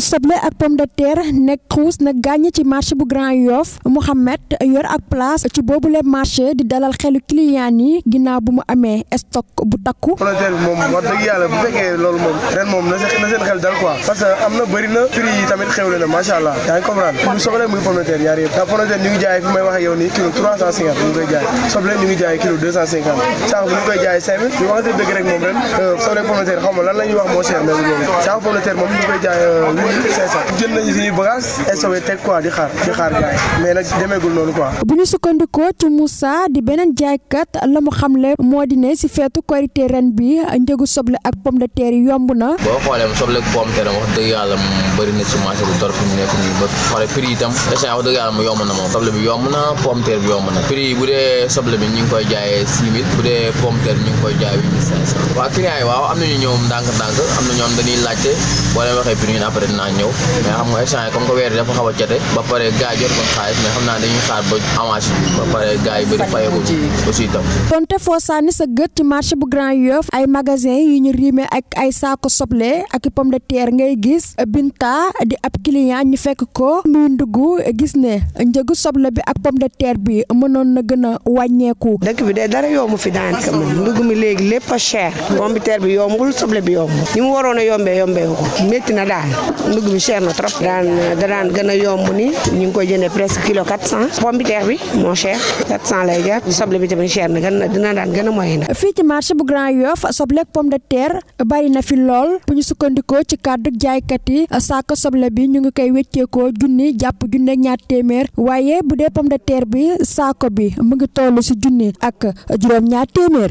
soble ak pomme de terre nekk xuus nag gàññ ci marché bu Grand Yoff Mouhamed yor ak place ci boobule marché di dalal xelu client yi ginnaaw bu mu amee stock bu takku. pomme de terre moom na euh, soble muy de terre xaw ma lan la wax moo cher saako pomme de terre moom ñu ngi koy jaay euh, jël nañu suñuy bagages SOS teg quoi di xaar di xaar gars yi mais nag bu ñu sukkandikoo ci Moussa di beneen jaaykat la mu xamle moo di ne si feetu korite ren bi njëgu soble ak pomme de yomb na. boo xoolee soble ak pomme de terre wax dëgg yàlla mu bëri na si marché bi torop fi mu nekk nii ba xoolee prix itam échange wax dëgg yàlla mu yomb na moom soble bi yomb na pomme de terre bi yomb na prix bu dee soble bi ñu ngi koy jaayee six mille bu dee pomme de terre ñu ngi koy jaayee huit mille cinq cent. waa client yi waaw am nañu ñëw ndànk-ndànk am na ñoom dañuy laajte boo leen waxee prix naa ñëw mais xam nga instant yi comme que weer dafa xaw a jote ba pare gars yi jot xaalis mais xam naa dañuy xaar ba avance ba pare gars yi bëri fayeeku aussi itam donte foo sànni sa gët ci marché bu Grand Yoff ay magasin yu ñu riime ak ay saako soble ak pomme de terre ngay gis Binta di ab client ñu fekk ko muy ndugg gis ne njëg soble bi ak pomme de terre bi mënoon na gën a wàññeeku dëkk bi de dara yomb fi daanaka man ndugg mi léegi lépp a cher pomme de terre bi yombul soble bi yombul ni mu waroon a ndugg bi cher na trop daan daan gën a yomb ni ñu ngi koy jëndee presque kilo quatre cent pombiteer bi moo cher quatre lay jar soble bi tamit cher na gën na dina daan gën a moyen na. fii ci marché bu Grand Yoff soble ak pomme de terre bari na fi lool bu ñu sukkandikoo ci kàddu jaaykat yi saako soble bi ñu ngi koy wécceekoo junni jàpp junne ñaar téeméer waaye bu dee pomme de terre bi saako bi mu ngi toll si junni ak juróom ñaar téeméer.